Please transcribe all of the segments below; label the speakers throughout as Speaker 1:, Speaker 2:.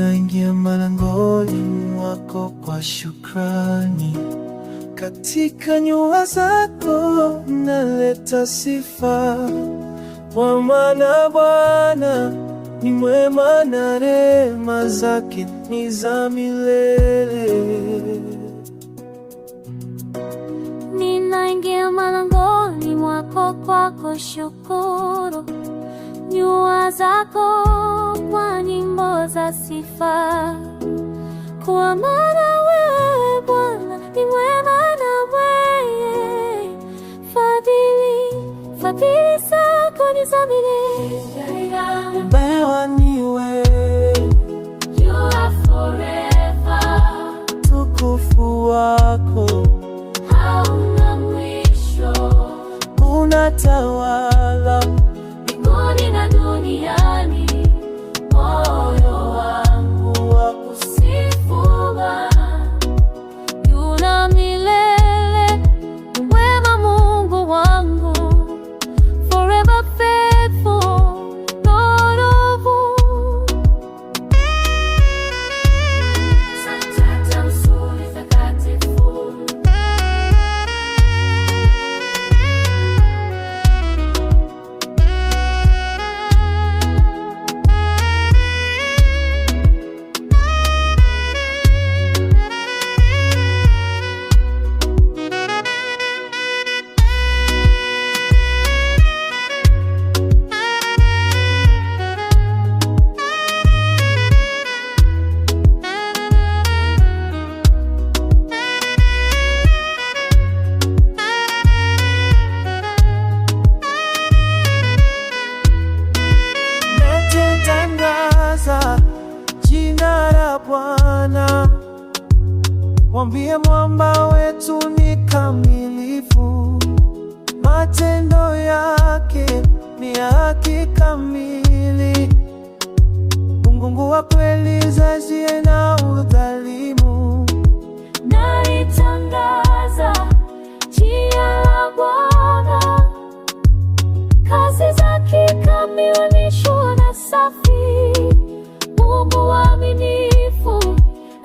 Speaker 1: Ninaingia malangoni mwako kwa shukrani, katika nyua zako naleta sifa, kwa maana Bwana ni mwema na rehema zake ni za milele.
Speaker 2: Ninaingia malangoni mwako kwa kushukuru, nyua zako kwa nyimbo za sifa, kwa maana wewe Bwana ni mwema na mwenye fadhili, fadhili zako ni za milele.
Speaker 3: Umewa
Speaker 1: tukufu wako
Speaker 3: mwisho,
Speaker 1: unatawala Bwana, mwambie mwamba wetu ni kamilifu, matendo yake ni haki kamili. Mungu wa kweli asiye na udhalimu,
Speaker 2: naitangaza jina la Bwana, kazi zake kamili ni shona safi. Mungu wa amini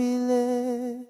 Speaker 1: live.